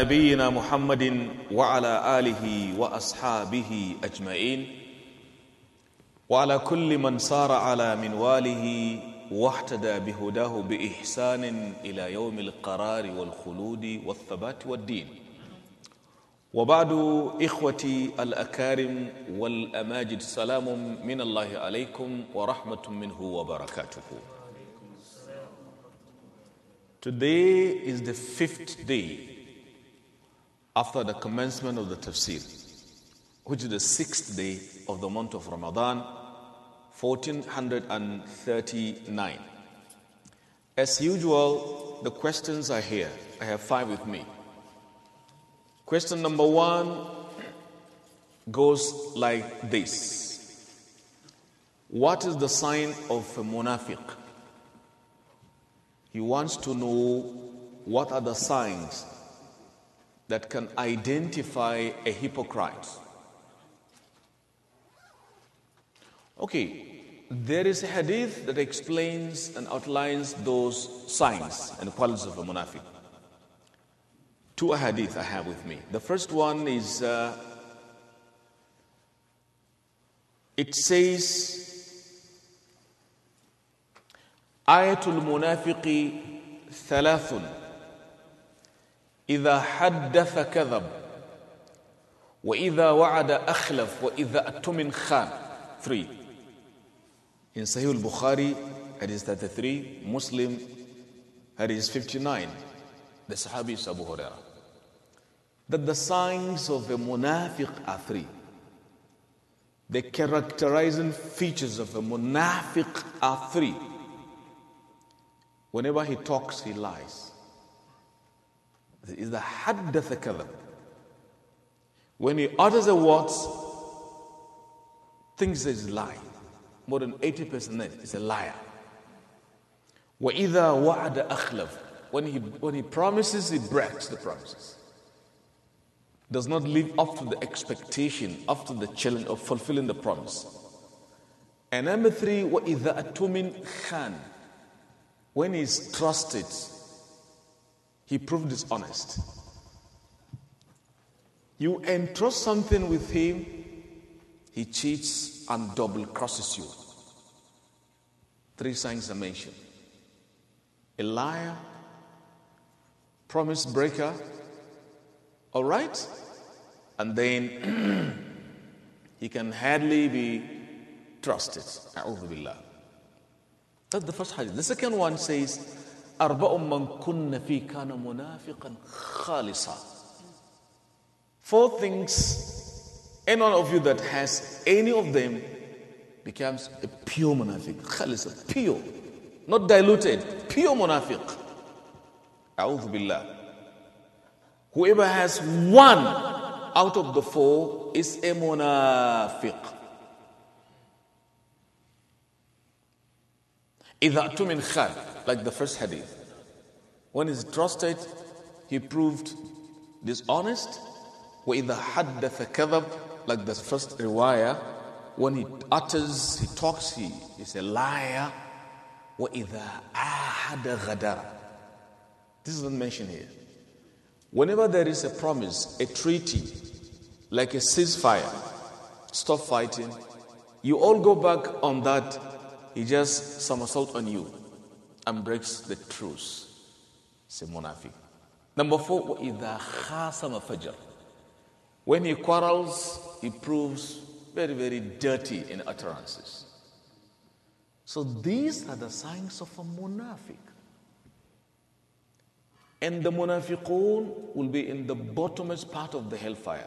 نبينا محمد وعلى اله واصحابه اجمعين وعلى كل من صار على منواله واحتدى بهداه باحسان الى يوم القرار والخلود والثبات والدين وبعد اخوتي الاكارم والاماجد سلام من الله عليكم ورحمه منه وبركاته Today is the fifth day after the commencement of the tafsir, which is the sixth day of the month of Ramadan, 1439. As usual, the questions are here. I have five with me. Question number one goes like this What is the sign of a munafiq? He wants to know what are the signs that can identify a hypocrite. Okay, there is a hadith that explains and outlines those signs and qualities of a munafiq. Two hadith I have with me. The first one is uh, it says, Ayatul Munafiqi Thalathun. إذا حدث كذب وإذا وعد أخلف وإذا أتمن خان 3 In Sahih al-Bukhari, hadith 33, Muslim, hadith 59, the Sahabi is Abu Huraira. That the signs of a munafiq are three. The characterizing features of a munafiq are three. Whenever he talks, he lies. is the haddatha kalam. When he utters a word, thinks he's lying. More than 80% is a liar. وَإِذَا وَعَدَ أَخْلَفَ when he, when he promises, he breaks the promises. Does not live up to the expectation, up to the challenge of fulfilling the promise. And number three, وَإِذَا أَتُمِنْ khan. When he's trusted, he proved dishonest. You entrust something with him, he cheats and double crosses you. Three signs are mentioned a liar, promise breaker, all right? And then he can hardly be trusted. That's the first hadith. The second one says, أربع من كن كان منافقا خالصا Four things, any one of you that has any of them becomes a pure munafiq. خالصا, pure, not diluted, pure munafiq. أعوذ بالله. Whoever has one out of the four is a munafiq. إِذَا أَتُمِنْ خَانْ Like the first hadith. When he's trusted, he proved dishonest. وَإِذَا حَدَّثَ كَذَبْ Like the first riwayah. When he utters, he talks, he is a liar. وَإِذَا أَحَدَ غَدَرَ This is not mentioned here. Whenever there is a promise, a treaty, like a ceasefire, stop fighting, you all go back on that he just somersaults on you and breaks the truce. Say Munafi. Number four, وَإِذَا خَاسَمَ فَجْرٍ When he quarrels, he proves very, very dirty in utterances. So these are the signs of a munafiq. And the munafiqun will be in the bottomest part of the hellfire.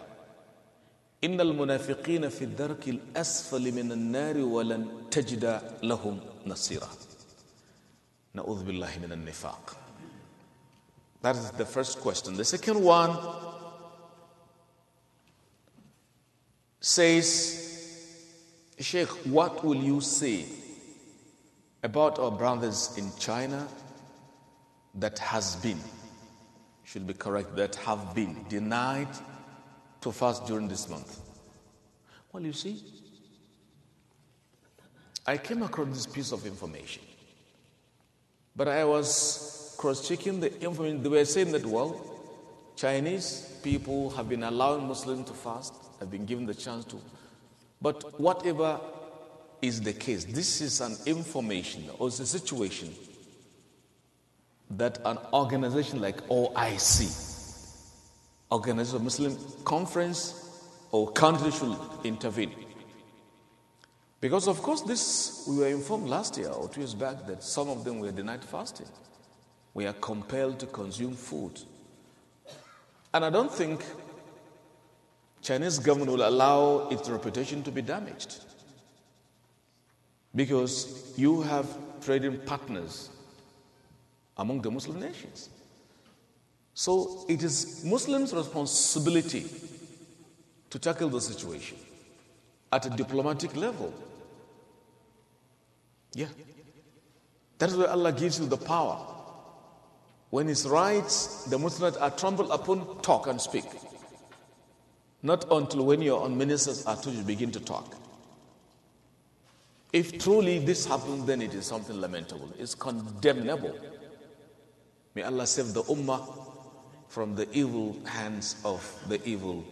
إن المنافقين في الدرك الأسفل من النار ولن تجد لهم نصيرا نعوذ بالله من النفاق That is the first question. The second one says, Sheikh, what will you say about our brothers in China that has been, should be correct, that have been denied to fast during this month. Well, you see, I came across this piece of information, but I was cross checking the information. They were saying that, well, Chinese people have been allowing Muslims to fast, have been given the chance to. But whatever is the case, this is an information or it's a situation that an organization like OIC, organizer of Muslim conference or country should intervene. Because of course this we were informed last year or two years back that some of them were denied fasting. We are compelled to consume food. And I don't think Chinese government will allow its reputation to be damaged. Because you have trading partners among the Muslim nations. So it is Muslims' responsibility to tackle the situation at a diplomatic level. Yeah. That's where Allah gives you the power. When His rights, the Muslims are trampled upon, talk and speak. Not until when your own ministers are told you begin to talk. If truly this happens, then it is something lamentable. It's condemnable. May Allah save the Ummah from the evil hands of the evil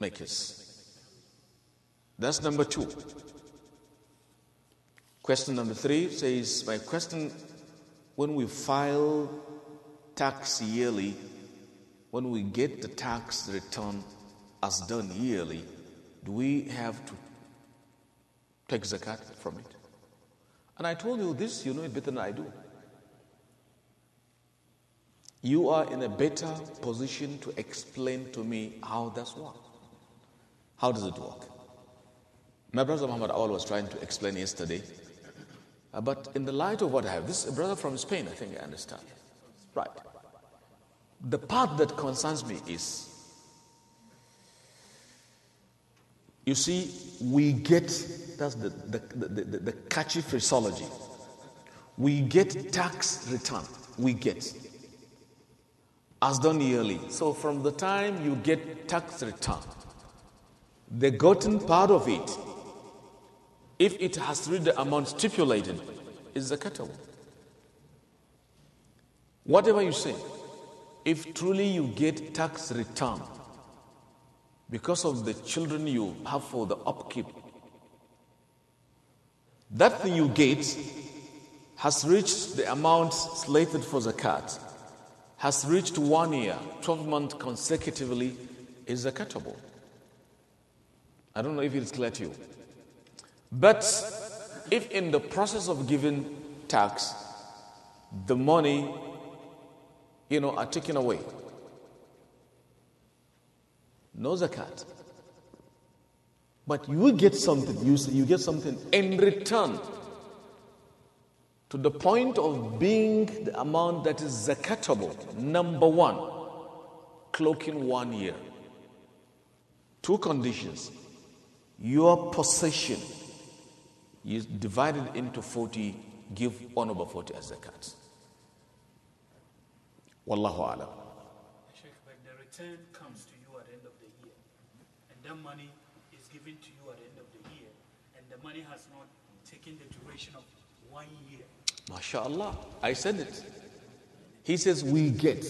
makers. That's number two. Question number three says My question when we file tax yearly, when we get the tax return as done yearly, do we have to take zakat from it? And I told you this, you know it better than I do you are in a better position to explain to me how that's work. How does it work? My brother Muhammad Awal was trying to explain yesterday, uh, but in the light of what I have, this brother from Spain, I think I understand. Right. The part that concerns me is you see, we get that's the, the, the, the, the catchy phraseology. We get tax return. We get as done yearly. So from the time you get tax return, the gotten part of it, if it has reached the amount stipulated, is zakatable. Whatever you say, if truly you get tax return because of the children you have for the upkeep, that thing you get has reached the amount slated for the zakat has reached one year, 12 months consecutively, is zakatable. I don't know if it's clear to you. But if in the process of giving tax, the money, you know, are taken away, no zakat. But you will get something. You, you get something in return to the point of being the amount that is zakatable. Number one, cloaking one year. Two conditions. Your possession is divided into 40, give one over 40 as zakat. Wallahu alam. but the return comes to you at the end of the year, and that money is given to you at the end of the year, and the money has not taken the duration of one year. MashaAllah, I said it. He says, We get.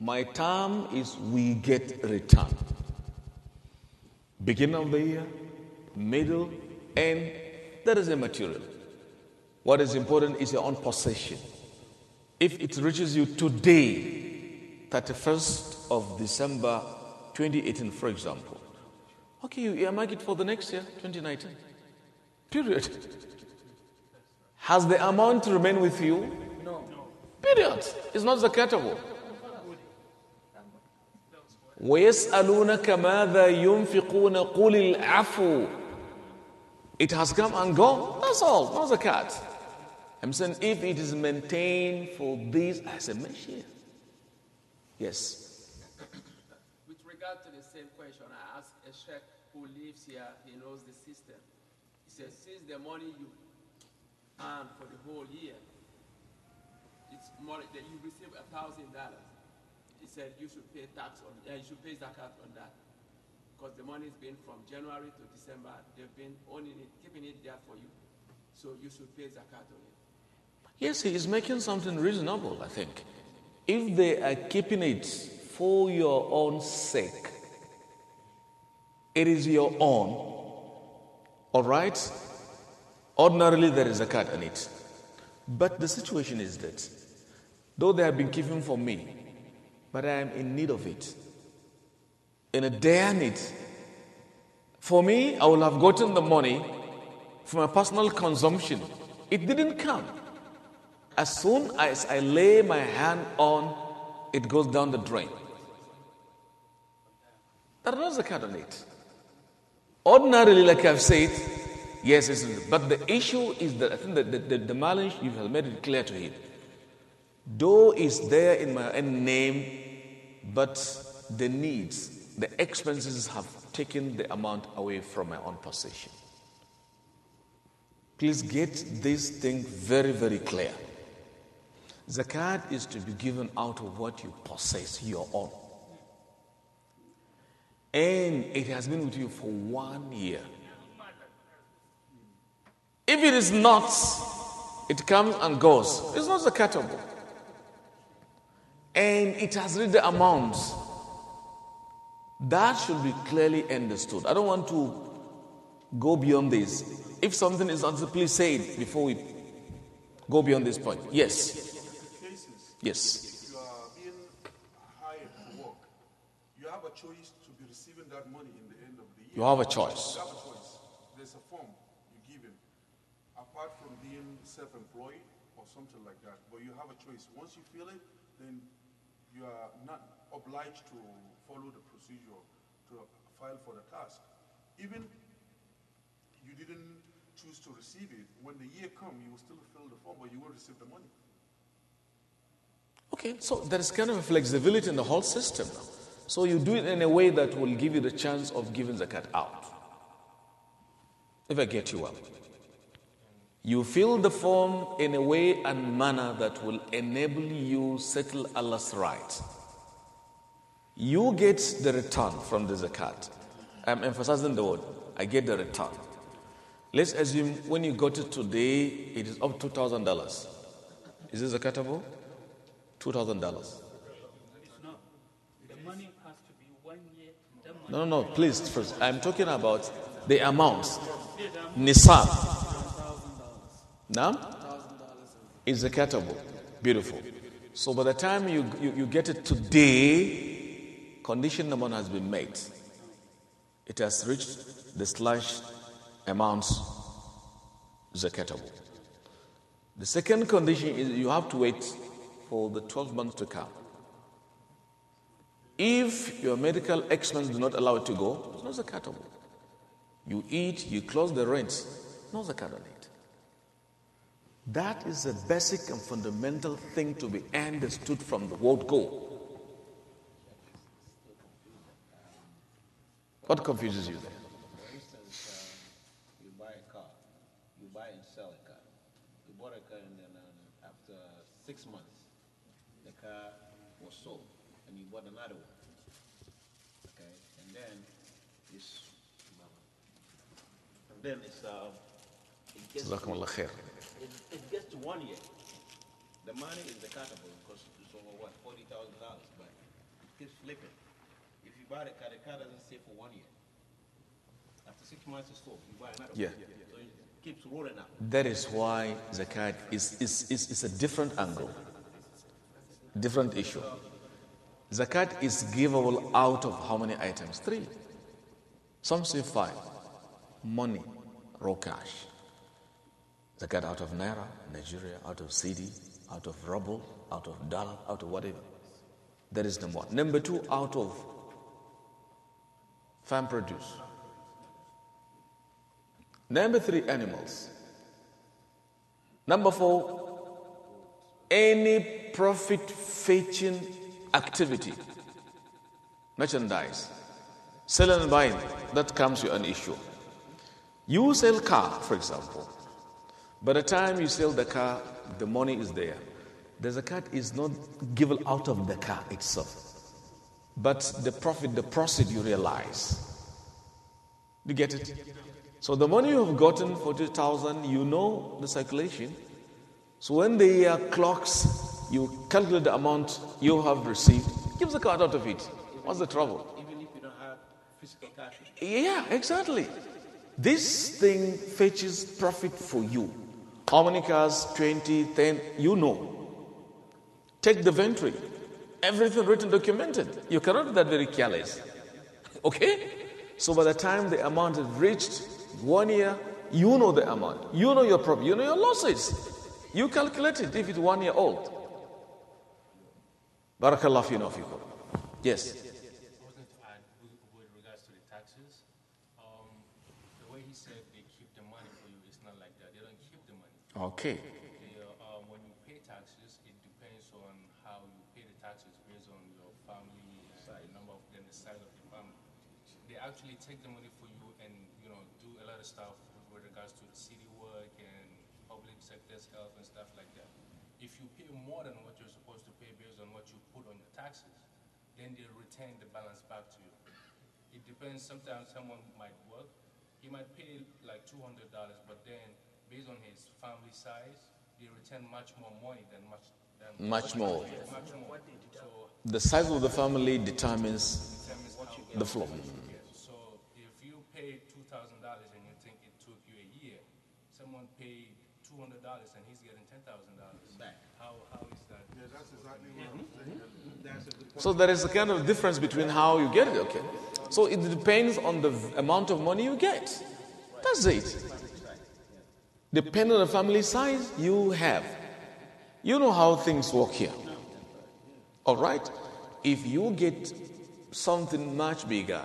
My term is we get return. Beginning of the year, middle, end, that is immaterial. What is important is your own possession. If it reaches you today, 31st of December 2018, for example, okay, you earmark it for the next year, 2019. Period. Has the amount remained with you? No. Period. It's not zakatable. ويسألونك ماذا ينفقون قل العفو It has come and gone. That's all. Not zakat. I'm saying if it is maintained for this as a measure. Yes. With regard to the same question, I asked a sheikh who lives here, he knows the system. He says, since the money you and for the whole year, it's more that you receive a thousand dollars. He said you should pay tax on, uh, you should pay zakat on that, because the money's been from January to December. They've been owning it, keeping it there for you, so you should pay zakat on it. Yes, he is making something reasonable. I think if they are keeping it for your own sake, it is your own. All right. Ordinarily, there is a card in it. But the situation is that, though they have been given for me, but I am in need of it. In a dire need. For me, I will have gotten the money for my personal consumption. It didn't come. As soon as I lay my hand on, it goes down the drain. That was a card on it. Ordinarily, like I've said, Yes, yes, but the issue is that I think that the, the, the mileage you have made it clear to him. Though is there in my own name, but the needs, the expenses have taken the amount away from my own possession. Please get this thing very, very clear. Zakat is to be given out of what you possess, your own. And it has been with you for one year. If it is not, it comes and goes. It's not zakatable. And it has read the amounts. That should be clearly understood. I don't want to go beyond this. If something is not, please say it before we go beyond this point. Yes. Yes. If you are being hired to work, you have a choice to be receiving that money in the end of the year. You have a choice. you are not obliged to follow the procedure to file for the task. Even you didn't choose to receive it, when the year comes, you will still fill the form, but you will receive the money. Okay, so there is kind of a flexibility in the whole system now. So you do it in a way that will give you the chance of giving the cut out. If I get you well. You fill the form in a way and manner that will enable you settle Allah's right. You get the return from the zakat. I'm emphasizing the word. I get the return. Let's assume when you got it today, it is up $2,000. Is this zakatable? $2,000. No, no, no, please, first. I'm talking about the amounts. Nisab. Now? It's zakatable. Beautiful. So by the time you, you, you get it today, condition one has been made. It has reached the slash amounts zakatable. The second condition is you have to wait for the 12 months to come. If your medical expenses do not allow it to go, it's not zakatable. You eat, you close the rent, not zakat that is a basic and fundamental thing to be understood from the word go. What confuses you there? For instance, uh, you buy a car, you buy and sell a car. You bought a car and then um, after six months, the car was sold and you bought another one. Okay, and then it's then it's uh, it gets one year. The money is the catapult because it's over what, forty thousand dollars, but it keeps flipping. If you buy the car, the car doesn't stay for one year. After six months it's sold, you buy another yeah. one. So it keeps rolling up. That is why zakat is, is, is, is a different angle, different issue. Zakat is givable out of how many items? Three. Some say five. Money, raw cash get out of Naira, Nigeria, out of CD, out of rubble, out of dollar, out of whatever. That is number one. Number two, out of farm produce. Number three, animals. Number four, any profit fetching activity, merchandise, selling and buying, that comes with an issue. You sell car, for example by the time you sell the car, the money is there. The zakat is not given out of the car itself, but the profit, the proceed you realize. You get it? So the money you have gotten, 40,000, you know the circulation. So when the year clocks, you calculate the amount you have received, give the card out of it. What's the trouble? Even if you don't have physical cash. Yeah, exactly. This thing fetches profit for you. How many cars? 20, 10, you know. Take the inventory. Everything written, documented. You cannot be that very careless. Okay? So by the time the amount is reached, one year, you know the amount. You know your profit. You know your losses. You calculate it if it's one year old. Barakallah fi nafikum. Yes. Okay. um, when you pay taxes, it depends on how you pay the taxes based on your family the number of them, the size of your family. They actually take the money for you and you know do a lot of stuff with regards to the city work and public sector's health and stuff like that. If you pay more than what you're supposed to pay based on what you put on your taxes, then they return the balance back to you. It depends. Sometimes someone might work, he might pay like two hundred dollars, but then based on his family size, they return much more money than much. Than much, much more. Yes. Much more. So the size of the family determines, determines the flow. So if you pay two thousand dollars and you think it took you a year, someone paid two hundred dollars and he's getting ten thousand dollars back. How how is that? Yeah, that's exactly what I'm saying. Mm-hmm. That's a So there is a kind of difference between how you get it. Okay, so it depends on the amount of money you get. That's it. Depending on the family size you have. You know how things work here. All right? If you get something much bigger,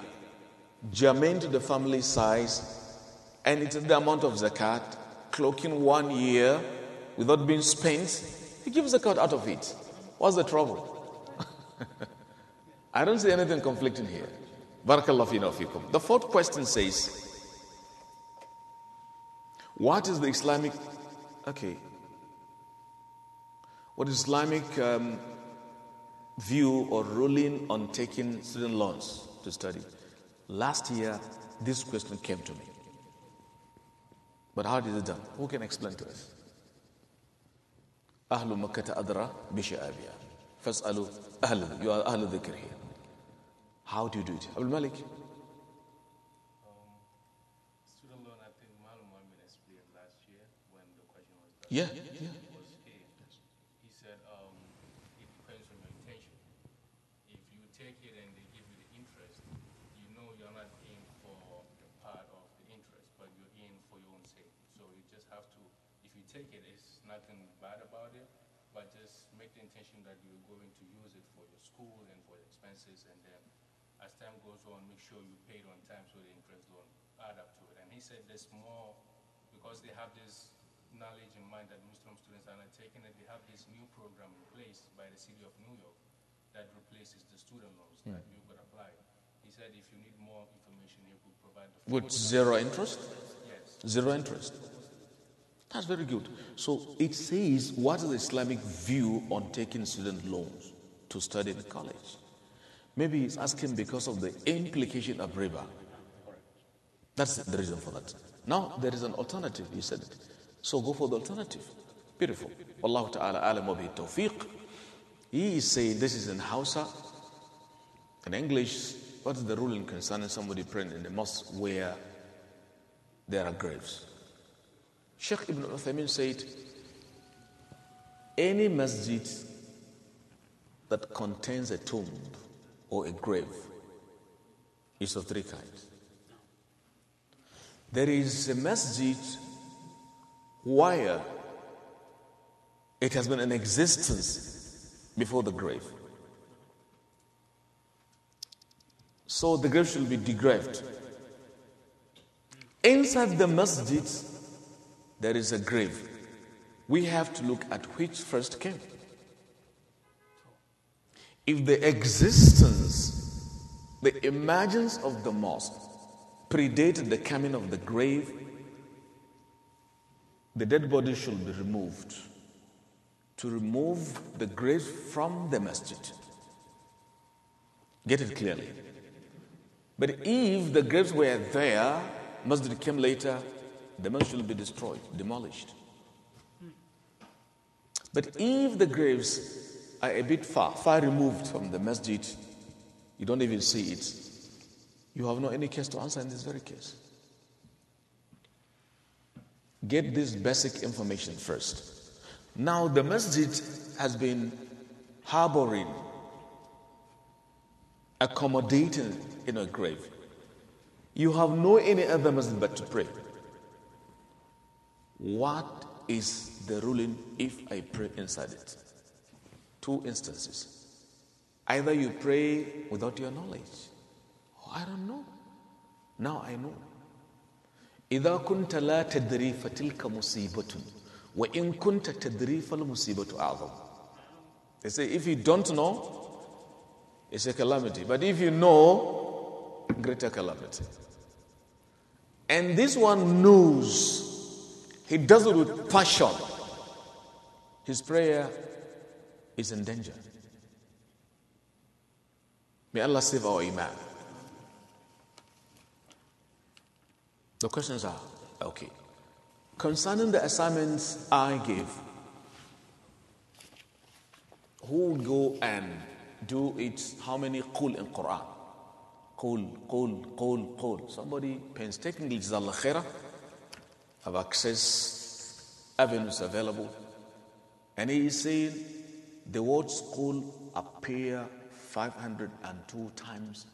germane to the family size, and it's the amount of zakat, cloaking one year without being spent, he gives zakat out of it. What's the trouble? I don't see anything conflicting here. Barakallahu fikum. The fourth question says, what is the Islamic? Okay. What is Islamic um, view or ruling on taking student loans to study? Last year, this question came to me. But how is it done? Who can explain to us? أهل مكة أدرى بشآبها فاسألوا أهل you are أهل الذكر here how do you do it Abdul Malik Yeah. Um, yeah, you take it, it's nothing bad about it, but just make the intention that you're going to use it for your school and for the expenses, and then as time goes on, make sure you pay it on time so the interest don't add up to it. And he said there's more, because they have this knowledge in mind that Muslim students are not taking it, they have this new program in place by the city of New York that replaces the student loans yeah. that hmm. you could apply. He said if you need more information, he could provide the With zero interest? Yes. Zero interest. That's very good. So it says, what is the Islamic view on taking student loans to study in college? Maybe he's asking because of the implication of riba. That's the reason for that. Now, there is an alternative, you said it. So go for the alternative. Beautiful. Wallahu ta'ala alam wa tawfiq. He is saying this is in Hausa. In English, what is the ruling concerning somebody praying in the mosque where there are graves? Sheikh Ibn Uthaymeen said, any masjid that contains a tomb or a grave is of three kinds. There is a masjid why? it has been in existence before the grave. So the grave shall be degraved. Inside the masjid, there is a grave. We have to look at which first came. If the existence, the emergence of the mosque predated the coming of the grave, the dead body should be removed to remove the grave from the masjid. Get it clearly. But if the graves were there, masjid came later, the masjid will be destroyed, demolished. But if the graves are a bit far, far removed from the masjid, you don't even see it, you have no any case to answer in this very case. Get this basic information first. Now, the masjid has been harboring, accommodating in a grave. You have no any other masjid but to pray. What is the ruling if I pray inside it? Two instances. Either you pray without your knowledge, or oh, I don't know. Now I know. إذا كنت لا تدري فتلك مصيبة وإن كنت تدري فالمصيبة أعظم They say if you don't know it's a calamity but if you know greater calamity and this one knows he does it with passion his prayer is in danger may Allah save our iman The questions are ah, okay. Concerning the assignments I give, who will go and do it? How many qul in Quran? Qul, qul, qul, qul. Somebody painstakingly, Jazallah khairah, have access, avenues available. And he is saying the word school appear 502 times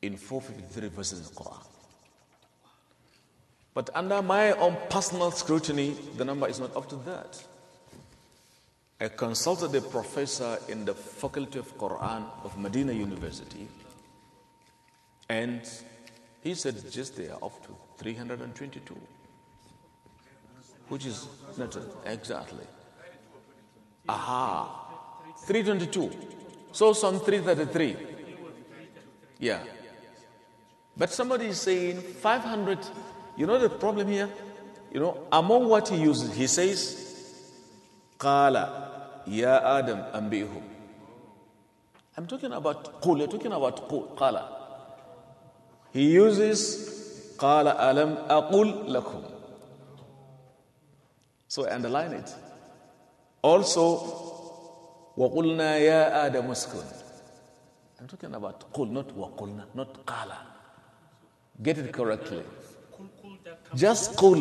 in 453 verses in the Quran. But under my own personal scrutiny, the number is not up to that. I consulted a professor in the Faculty of Quran of Medina University, and he said just they are up to 322, which is not exactly. Aha, 322. So some 333. Yeah. But somebody is saying 500 you know the problem here? You know, among what he uses, he says, Qala, Ya Adam, ambihum. I'm talking about qul, you're talking about qul, qala. He uses qala alam aqul lakum. So underline it. Also, وقلنا ya Adam اسكن I'm talking about "qul," not وقلنا not "qala." get it correctly just call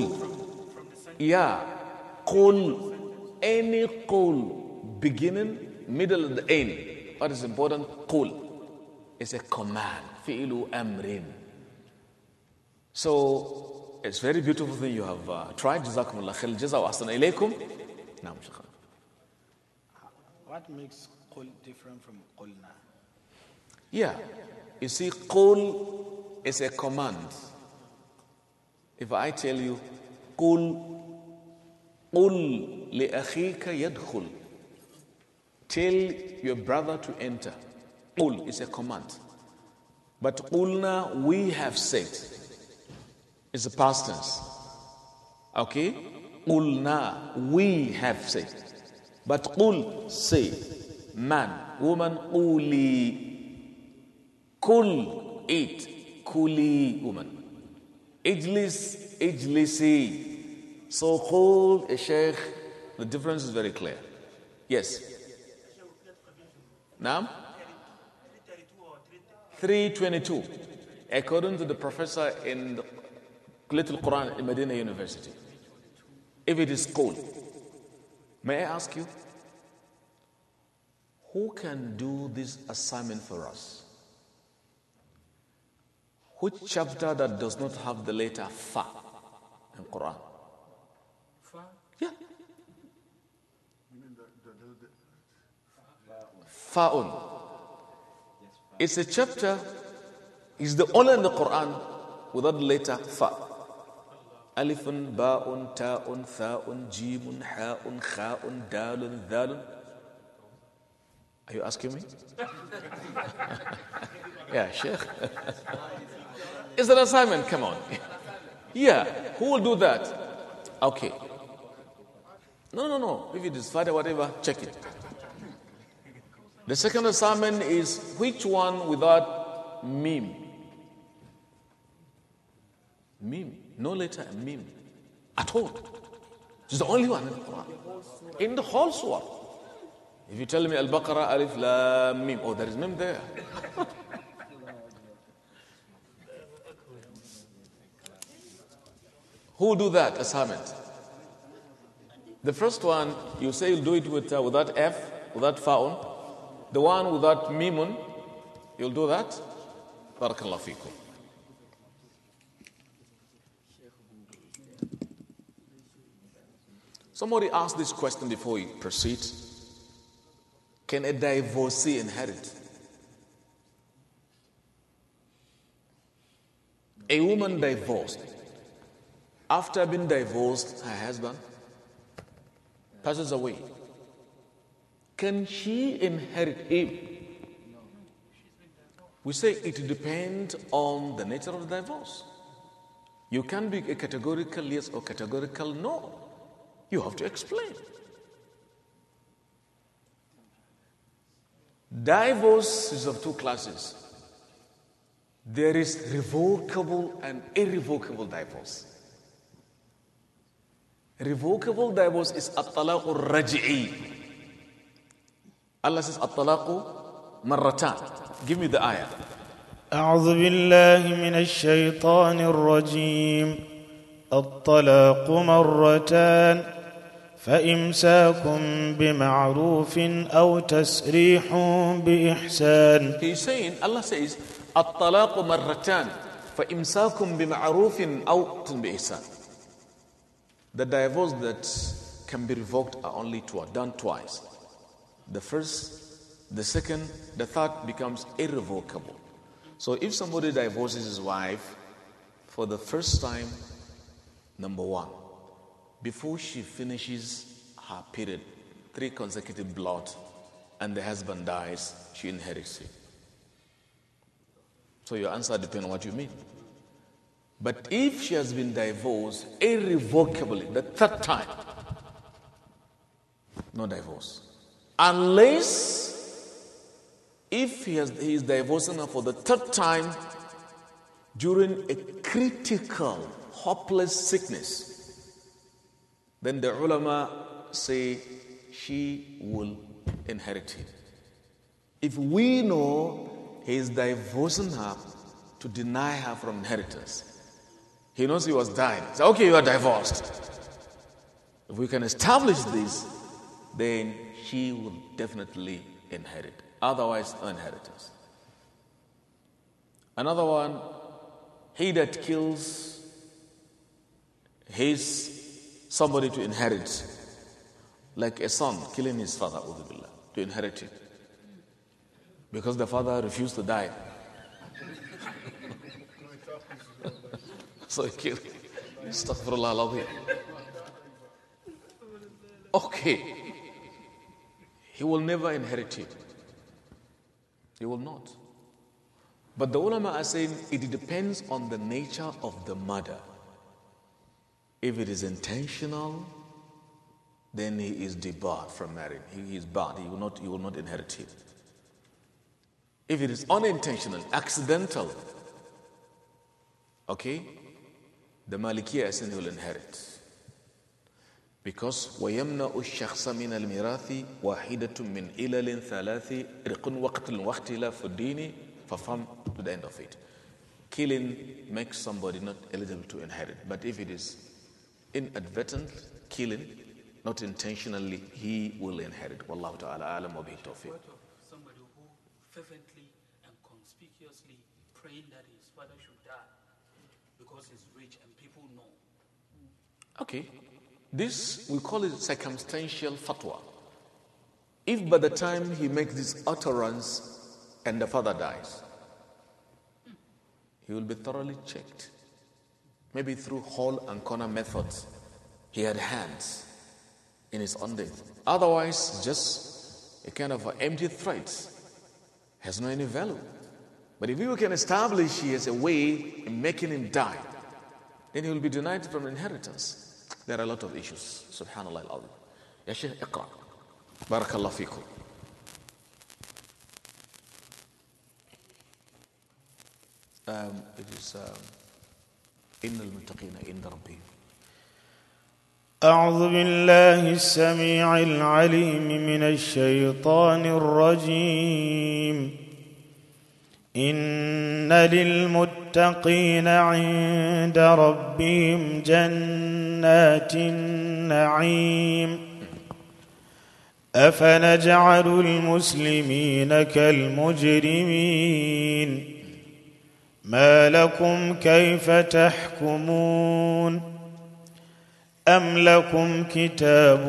Yeah. call Any call Beginning, middle, and the end. What is important? call is a command. Fi'lu amrin. So, it's very beautiful thing you have uh, tried. Jazakumullah khair. Jazaw ahsan ilaykum. Naam, What makes call different from qulna? Yeah. You see, call is a command. If I tell you, Kul, Ul liakhika yadkhul. Tell your brother to enter. Ul is a command. But ulna, we have said, is a past tense. Okay? Ulna, we have said. But ul, say. Man, woman, uli. Kul, eat. Kuli, woman ageless, Ijlisi. So called a sheikh, the difference is very clear. Yes. Now? 322, according to the professor in the Little Quran in Medina University. If it is cold, may I ask you, who can do this assignment for us? Which chapter that does not have the letter Fa in Quran? Fa? Yeah. Fa'un. It's a chapter, it's the only in the Quran without the letter Fa. ألف باء تاء ثاء جيم حاء خاء دال ذال Are you asking me? yeah, Sheikh. It's an assignment, come on. yeah, who will do that? Okay. No, no, no. If it is Friday, whatever, check it. The second assignment is which one without meme? Meme. No letter, meme. At all. It's the only one in the Quran. In the whole surah. If you tell me Al Baqarah, Alif, La, Mim, oh, there is Mim there. Who do that assignment? The first one, you say you'll do it with, uh, without F, without Fa'un. The one without Mimun, you'll do that? Barakallah fikum. Somebody asked this question before we proceed. Can a divorcee inherit? A woman divorced after being divorced, her husband passes away. Can she inherit him? We say it depends on the nature of the divorce. You can be a categorical yes or categorical no. You have to explain. Divorce is of two classes there is revocable and irrevocable divorce. Revocable divorce is الطلاق الرجعي. Allah says الطلاق مرتان. Give me the ayah. أعوذ بالله من الشيطان الرجيم الطلاق مرتان فإمساكم بمعروف أو تسريح بإحسان He's saying, Allah says, الطلاق مرتان فإمساكم بمعروف أو تسريح بإحسان The divorce that can be revoked are only two, done twice. The first, the second, the third becomes irrevocable. So if somebody divorces his wife for the first time, number one, before she finishes her period, three consecutive blood, and the husband dies, she inherits it. So your answer depends on what you mean. But if she has been divorced irrevocably, the third time, no divorce. Unless if he, has, he is divorcing her for the third time during a critical, hopeless sickness, then the ulama say she will inherit it. If we know he is divorcing her to deny her from inheritance, he knows he was dying. So, okay, you are divorced. If we can establish this, then she will definitely inherit. Otherwise, no inheritance. Another one, he that kills his somebody to inherit, like a son killing his father, to inherit it. Because the father refused to die. so cute. Astaghfirullah Alazim. Okay. He will never inherit it. He will not. But the ulama are saying it depends on the nature of the mother. If it is intentional, then he is debarred from marrying. He is barred. He will not, he will not inherit it. If it is unintentional, accidental, okay, the مالكية أساسا will inherit because ويمنع الشخص من الميراث واحدة من إلل ثلاث رق وقتل واختلاف الدين ففهم to the end of it killing makes somebody not eligible to inherit but if it is inadvertent killing not intentionally he will inherit والله تعالى أعلم وبه التوفيق somebody who fervently and conspicuously praying that he Okay. This, we call it circumstantial fatwa. If by the time he makes this utterance and the father dies, he will be thoroughly checked. Maybe through hole and corner methods. He had hands in his own death. Otherwise, just a kind of empty threat has no any value. But if you can establish he has a way in making him die, then he will be denied from inheritance. There are a lot of issues. سبحان الله العظيم. يا شيخ اقرأ بارك الله فيكم um, it is, um, إن المتقين عند ربهم أعوذ بالله السميع العليم من الشيطان الرجيم ان للمتقين عند ربهم جنات النعيم افنجعل المسلمين كالمجرمين ما لكم كيف تحكمون ام لكم كتاب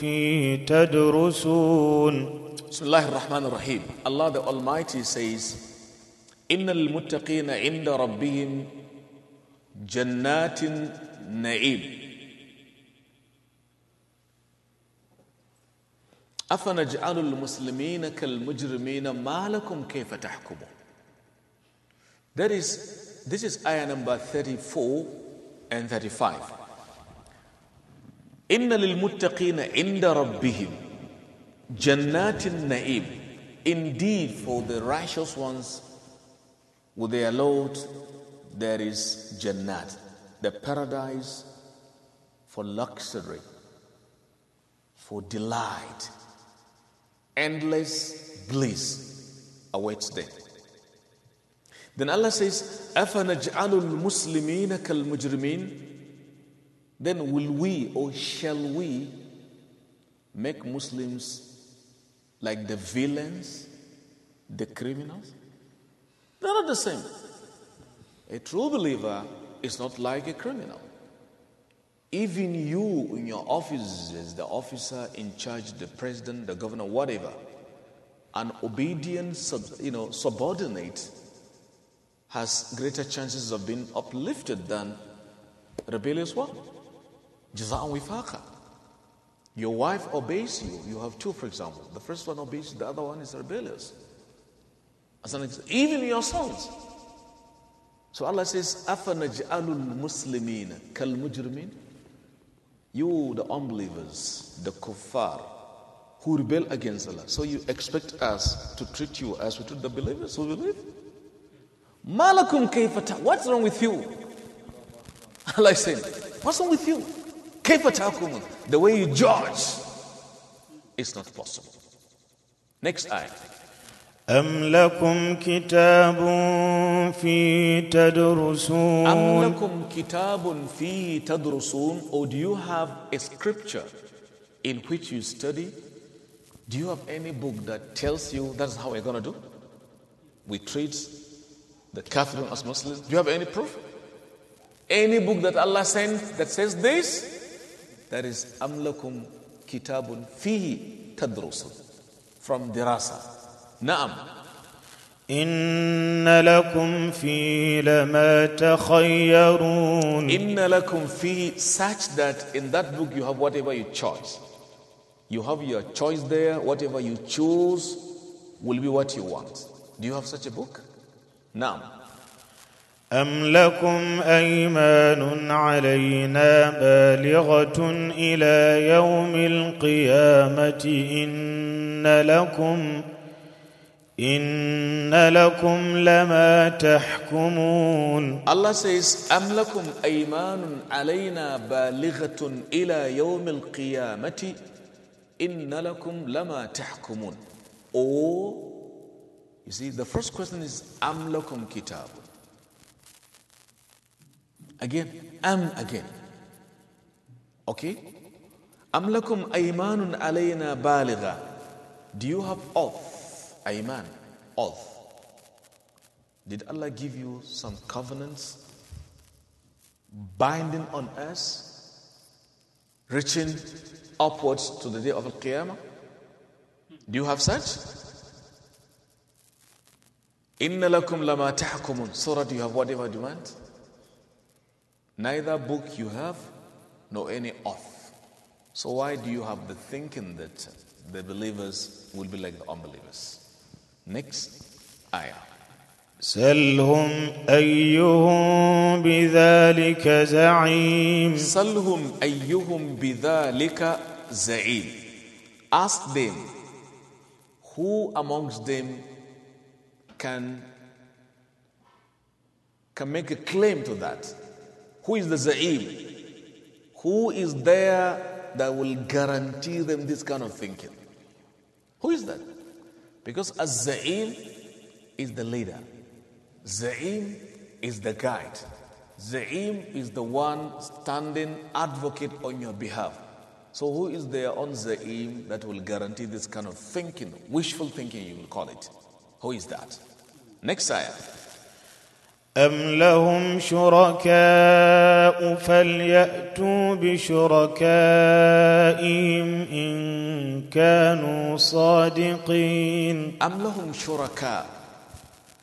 فيه تدرسون Bismillah ar-Rahman ar-Rahim. the Almighty says, إن المتقين عند ربهم جنات نعيم أفنجعل المسلمين كالمجرمين ما لكم كيف تحكمون That is, this is ayah number 34 and 35. إن للمتقين عند ربهم Jannatin Na'im. Indeed, for the righteous ones, with their Lord, there is Jannat, the paradise for luxury, for delight, endless bliss awaits them. Then Allah says, أَفَنَجْعَلُ الْمُسْلِمِينَ كَالْمُجْرِمِينَ Then will we or shall we make Muslims like the villains, the criminals. They're not the same. A true believer is not like a criminal. Even you in your offices, the officer in charge, the president, the governor, whatever, an obedient sub, you know, subordinate has greater chances of being uplifted than rebellious one. Jaza'an wifaqa. Your wife obeys you. You have two, for example. The first one obeys you, the other one is rebellious. As an example, even your sons. So Allah says, أَفَنَجْعَلُ الْمُسْلِمِينَ كَالْمُجْرِمِينَ You, the unbelievers, the kuffar, who rebel against Allah. So you expect us to treat you as we treat the believers who believe? Malakum كَيْفَ What's wrong with you? Allah is saying, what's wrong with you? كيف تحكمون the way you judge is not possible next ayah أم لكم كتاب فيه تدرسون أم لكم كتاب فيه تدرسون or do you have a scripture in which you study do you have any book that tells you that's how we're going to do we treat the Catholic as Muslims do you have any proof any book that Allah sent that says this that is amlakum kitabun fihi tadrusun from dirasa. Naam. إن لكم فيه لما تخيرون إن لكم فيه such that in that book you have whatever you choose you have your choice there whatever you choose will be what you want do you have such a book no. أم لكم أيمان علينا بالغة إلى يوم القيامة إن لكم إن لكم لما تحكمون Allah says أم لكم أيمان علينا بالغة إلى يوم القيامة إن لكم لما تحكمون oh, you see, the first question is أم لكم كتاب again, am again. Okay? Am lakum aymanun alayna baligha. Do you have oath? Ayman, oath. Did Allah give you some covenants binding on us, reaching upwards to the day of Al Qiyamah? Do you have such? Inna lakum lama tahkumun. Surah, do you have whatever you want? neither book you have nor any oath. So, why do you have the thinking that the believers will be like the unbelievers? Next ayah. سلهم أيهم بذلك زعيم سلهم أيهم بذلك زعيم Ask them who amongst them can can make a claim to that who is the Za'im? Who is there that will guarantee them this kind of thinking? Who is that? Because a Za'im is the leader, Za'im is the guide, Za'im is the one standing advocate on your behalf. So, who is there on Za'im that will guarantee this kind of thinking, wishful thinking, you will call it? Who is that? Next ayah. أم لهم شركاء فليأتوا بشركائهم إن كانوا صادقين أم لهم شركاء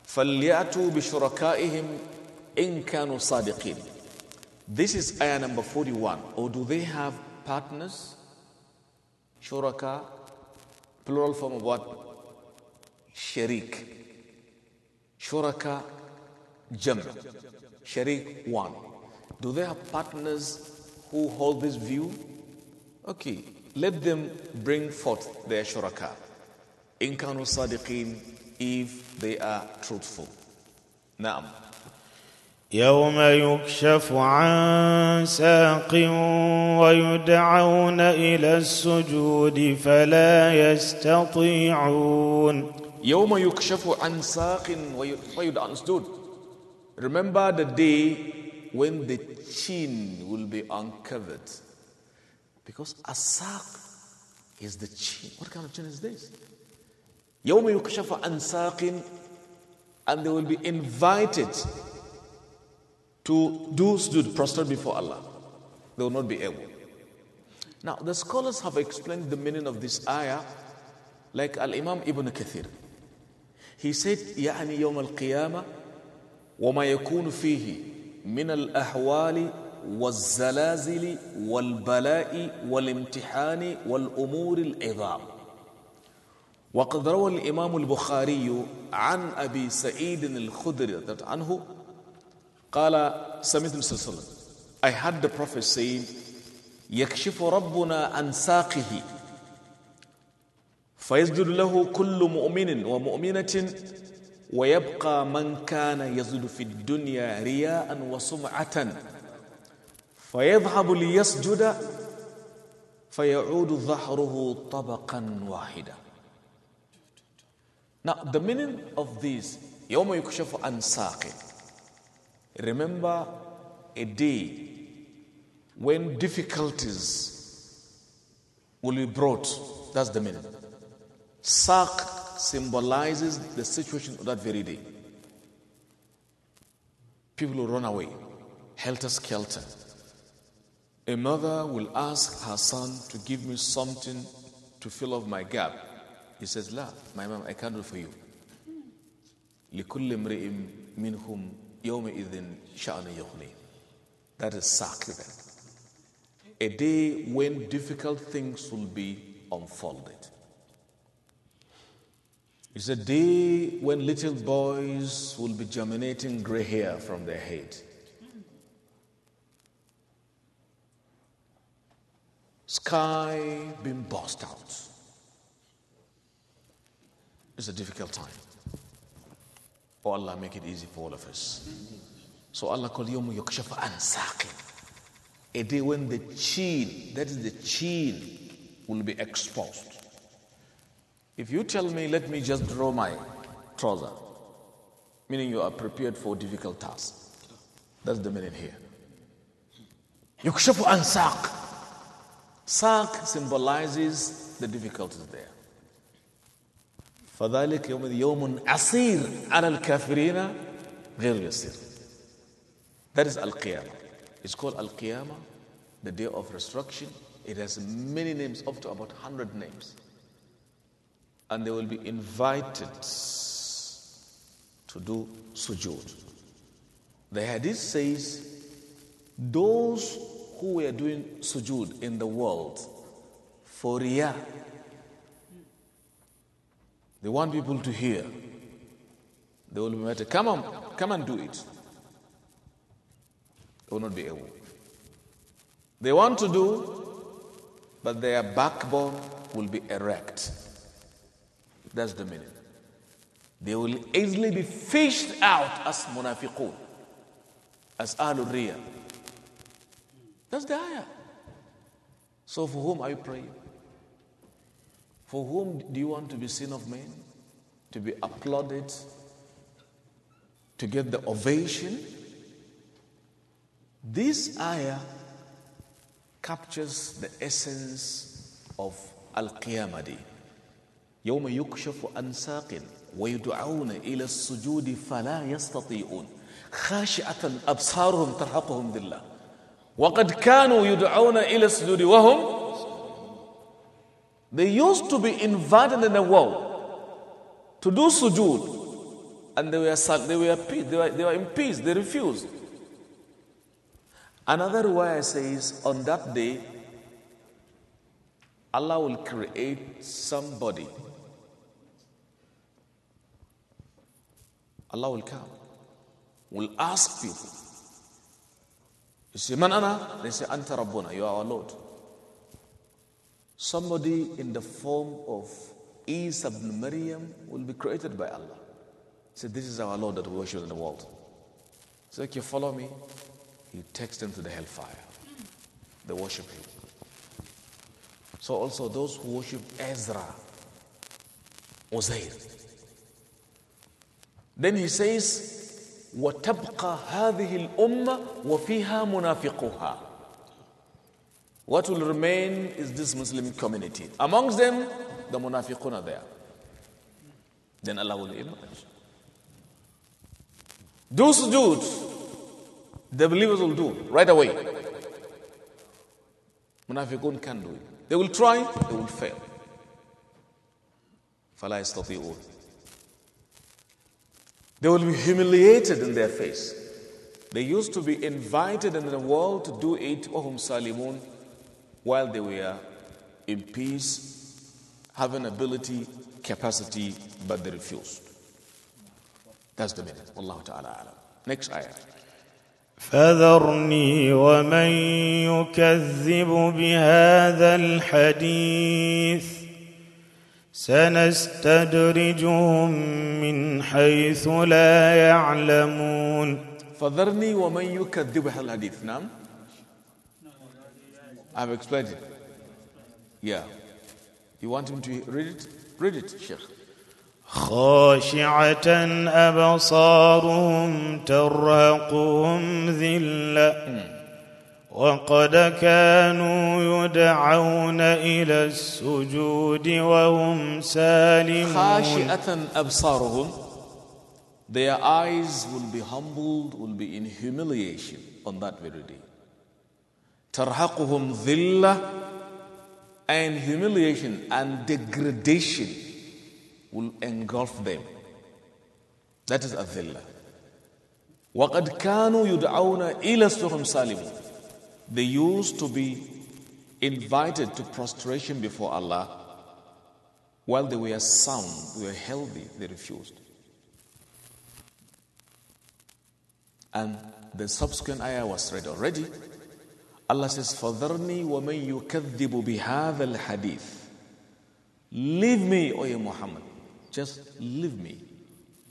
فليأتوا بشركائهم إن كانوا صادقين This is ayah number 41 or do they have partners شركاء plural form of what شريك شركاء Jam, Sharik 1. Do they have partners who hold this view? Okay, let them bring forth their shuraka. In kanu if they are truthful. Naam. يوم يكشف عن ساق ويدعون إلى السجود فلا يستطيعون يوم يكشف عن ساق ويدعون سجود Remember the day when the chin will be uncovered. Because asaq is the chin. What kind of chin is this? يوم yukshafa عن and they will be invited to do sujud, prostrate before Allah. They will not be able. Now, the scholars have explained the meaning of this ayah, like Al Imam Ibn Kathir. He said, يعني يوم القيامة وما يكون فيه من الأحوال والزلازل والبلاء والامتحان والأمور العظام وقد روى الإمام البخاري عن أبي سعيد الخدري عنه قال سمعت النبي I had the prophet saying يكشف ربنا عن ساقه فيسجد له كل مؤمن ومؤمنة ويبقى من كان يزل في الدنيا رياء وسمعة فيذهب ليسجد فيعود ظهره طبقا واحدا Now the meaning of this يوم يكشف عن ساق Remember a day when difficulties will be brought. That's the meaning. Saq symbolizes the situation of that very day. People will run away, helter skelter. A mother will ask her son to give me something to fill up my gap. He says, La, my mom, I can't do for you. That is sacrament. A day when difficult things will be unfolded. It's a day when little boys will be germinating gray hair from their head. Sky being burst out. It's a difficult time. Oh Allah, make it easy for all of us. So Allah call you yukshafa an A day when the chin, that is the chin, will be exposed. If you tell me, let me just draw my trouser, meaning you are prepared for difficult tasks. That's the meaning here. Yukshafu an saq. Saq symbolizes the difficulties there. فذلك يوم يوم عسير على الكافرين غير يسير. That is Al-Qiyamah. It's called Al-Qiyamah, the day of resurrection. It has many names, up to about 100 names and they will be invited to do sujood. The hadith says, those who were doing sujood in the world for riyah, they want people to hear. They will be met, come on, come and do it. They will not be able. They want to do, but their backbone will be erect. That's the meaning. They will easily be fished out as munafiqun, as ahlul riyah. That's the ayah. So for whom are you praying? For whom do you want to be seen of men? To be applauded? To get the ovation? This ayah captures the essence of Al Qiyamah يوم يكشف عن ساق ويدعون إلى السجود فلا يستطيعون خاشعة أبصارهم ترهقهم ذلة وقد كانوا يدعون إلى السجود وهم They used to be invited in a wall to do sujood and they were, they were, they were, they were in peace, they refused. Another way I say is on that day, Allah will create somebody Allah will come, will ask people. You say, Man ana? They say, Anta Rabbuna, you are our Lord. Somebody in the form of Isa ibn Maryam will be created by Allah. Say, This is our Lord that we worship in the world. So, if you follow me. He takes them to the hellfire. They worship him. So also those who worship Ezra, Uzair, then he says, وَتَبْقَى هَذِهِ الْأُمَّةِ وَفِيهَا مُنَافِقُهَا What will remain is this Muslim community. Amongst them, the munafiqun are there. Then Allah will emerge. Do sujood. The believers will do right away. Munafiqun can do it. They will try, they will fail. فَلَا يَسْتَطِيعُونَ they will be humiliated in their face. They used to be invited in the world to do it, Ohum Salimun, while they were in peace, having ability, capacity, but they refused. That's the meaning. Allah Ta'ala alam. Next ayah. فذرني ومن يكذب بهذا الحديث سنستدرجهم من حيث لا يعلمون فذرني ومن يكذب هذا الحديث نعم I've explained it yeah you want him to read it read it Sheikh خاشعة أبصارهم ترهقهم ذلة hmm. وقد كانوا يدعون إلى السجود وهم سالمون خاشئة أبصارهم Their eyes will be humbled, will be in humiliation on that very day. ترهقهم ذلة and humiliation and degradation will engulf them. That is a ذلة. وقد كانوا يدعون إلى السجود وهم سالمون They used to be invited to prostration before Allah. While they were sound, they were healthy, they refused. And the subsequent ayah was read already. Allah says, فَذَرْنِي وَمَنْ يُكَذِّبُ بِهَذَا الْحَدِيثِ Leave me, O Muhammad. Just leave me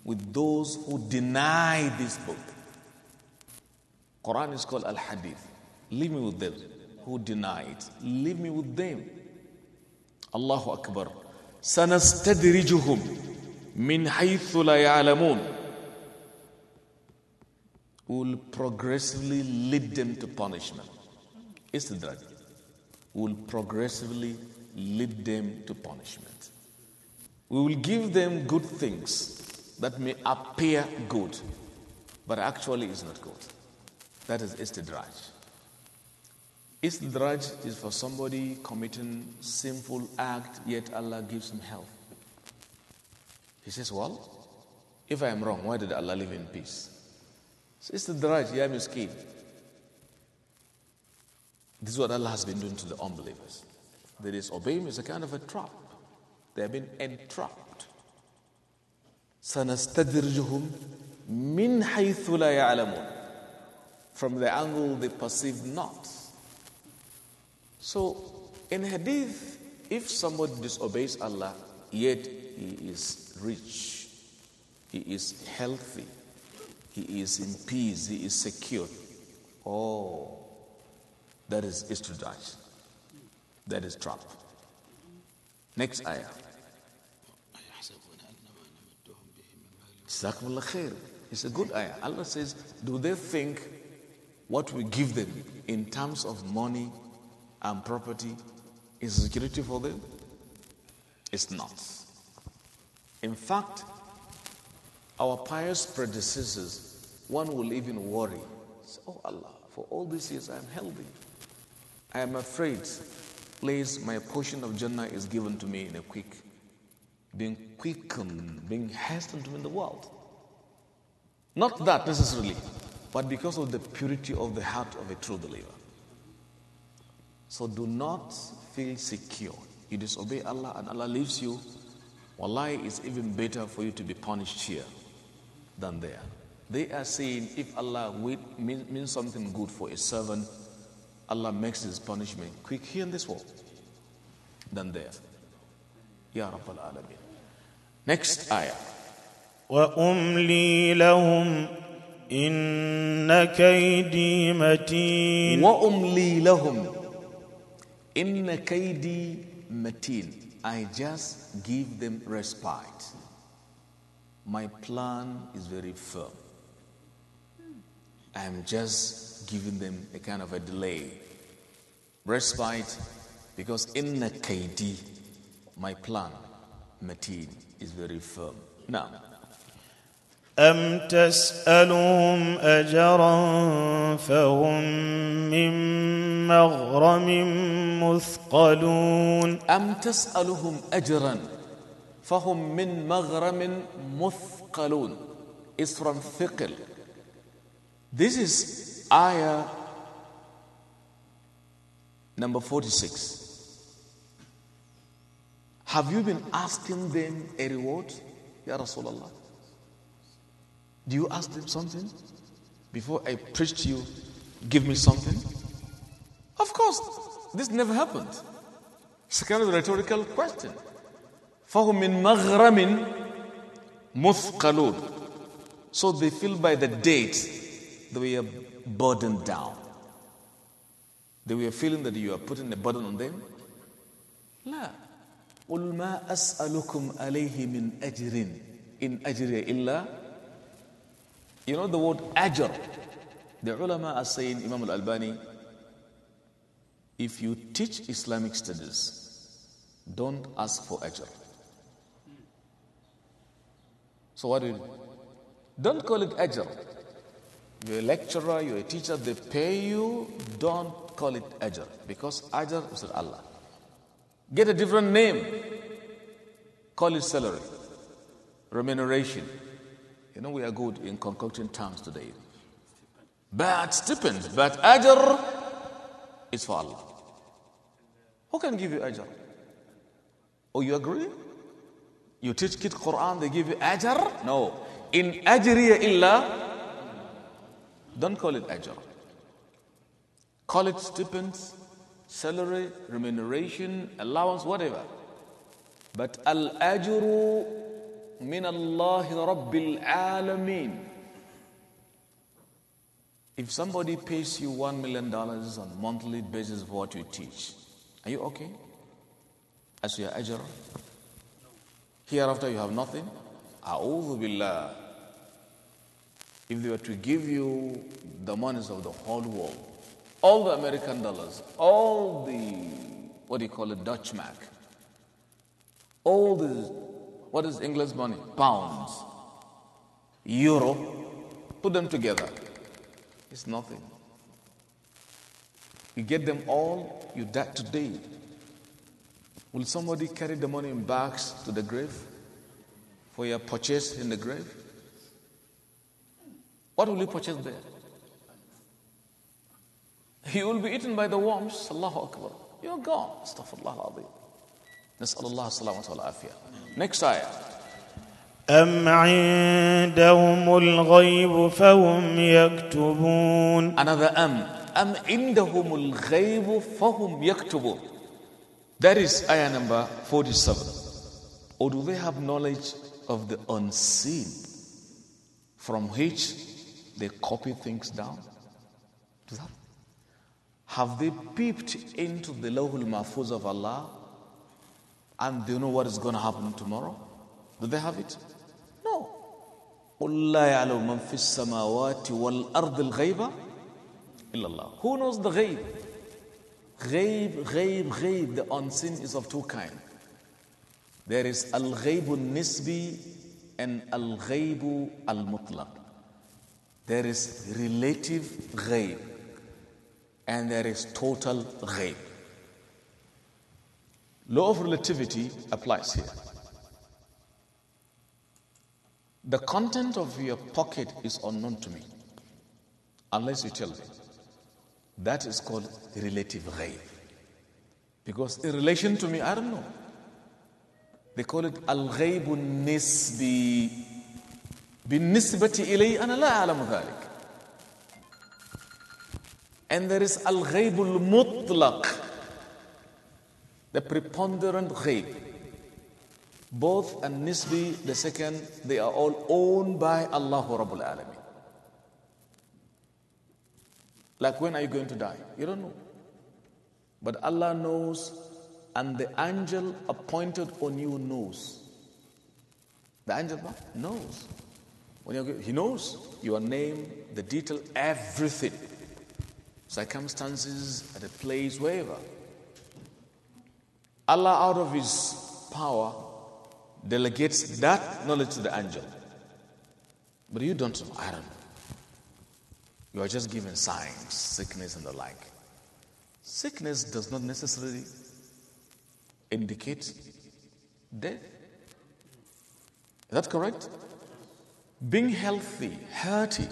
with those who deny this book. Quran is called Al-Hadith. Leave me with them who denied. Leave me with them. Allahu Akbar. سنستدرجهم من حيث لا يعلمون will progressively lead them to punishment. Istidraj will progressively lead them to punishment. We will give them good things that may appear good, but actually is not good. That is Istidraj drudge is for somebody committing sinful act, yet Allah gives him health. He says, Well, if I am wrong, why did Allah live in peace? So Istidraj, ya miskin. This is what Allah has been doing to the unbelievers. That is obeying is a kind of a trap. They have been entrapped. سنستدرجهم من حيث لا يعلمون From the angle they perceive not. So, in hadith, if somebody disobeys Allah, yet he is rich, he is healthy, he is in peace, he is secure. Oh, that is istidaj. That is trap. Next ayah. khair. It's a good ayah. Allah says, do they think what we give them in terms of money and property is security for them? It's not. In fact, our pious predecessors, one will even worry. Say, oh Allah, for all these years I am healthy. I am afraid, Please, my portion of Jannah is given to me in a quick, being quickened, being hastened in the world. Not that necessarily, but because of the purity of the heart of a true believer. So do not feel secure. You disobey Allah and Allah leaves you. Wallahi, it's even better for you to be punished here than there. They are saying if Allah means something good for a servant, Allah makes his punishment quick here in this world than there. Ya Rabbal Alameen. Next ayah. وأملي لهم إن كيدي متين وأملي لهم Inna kaidi matil. I just give them respite. My plan is very firm. I am just giving them a kind of a delay. Respite, because inna kaidi, my plan, matin, is very firm. Now, أم تسألهم أجرا فهم من مغرم مثقلون أم تسألهم أجرا فهم من مغرم مثقلون It's from ثقل This is ayah number 46 Have you been asking them a reward? Ya Rasulullah Do you ask them something? Before I preach to you, give me something? Of course, this never happened. It's kind of a rhetorical question. فَهُمْ مِنْ مَغْرَمٍ مُثْقَلُونَ So they feel by the date they were burdened down. They were feeling that you are putting a burden on them. لا قل ما أسألكم عليه من أجر إن أجري إلا you know the word ajr. The ulama are saying, Imam al Albani, if you teach Islamic studies, don't ask for ajr. So what do you do? Don't call it ajr. You're a lecturer, you're a teacher, they pay you, don't call it ajr. Because ajr is Allah. Get a different name. Call it salary, remuneration you know, we are good in concocting terms today. But stipend, but ajr is for Allah. Who can give you ajr? Oh, you agree? You teach kids Quran, they give you ajr? No. In ajriya illa, don't call it ajr. Call it stipends, salary, remuneration, allowance, whatever. But al ajru min Allah Rabbil Alameen. If somebody pays you one million dollars on monthly basis for what you teach, are you okay? As your ajr? Hereafter you have nothing? A'udhu billah. If they were to give you the monies of the whole world, all the American dollars, all the, what do you call it, Dutch mark, all the what is English money? Pounds, euro. Put them together. It's nothing. You get them all, you die today. Will somebody carry the money in bags to the grave for your purchase in the grave? What will you purchase there? You will be eaten by the worms. Allahu Akbar. You're gone. Astaghfirullah نسأل الله السلامة والعافية Next ayah أم عندهم الغيب فهم يكتبون Another أم أم عندهم الغيب فهم يكتبون That is ayah number 47 Or do they have knowledge of the unseen from which they copy things down? Do that? Have they peeped into the Lawhul Mahfuz of Allah and do you know what is going to happen tomorrow? Do they have it? No. Who knows the ghaib? Ghaib, ghaib, ghaib. The unseen is of two kinds. There is al-ghaib nisbi and al-ghaib al-mutlaq. There is relative ghaib and there is total ghaib. Law of relativity applies here. The content of your pocket is unknown to me unless you tell me. That is called relative ghaib. Because in relation to me, I don't know. They call it al ghaibun nisbi. بالنسبة إلي أنا لا أعلم ذلك. And there is al ghaib al mutlaq the preponderant ghaib. Both and Nisbi, the second, they are all owned by Allah Rabbul Alameen. Like when are you going to die? You don't know. But Allah knows, and the angel appointed on you knows. The angel knows. When he knows your name, the detail, everything. Circumstances, at a place, wherever. Allah, out of His power, delegates that knowledge to the angel. But you don't know. I don't know. You are just given signs, sickness, and the like. Sickness does not necessarily indicate death. Is that correct? Being healthy, healthy,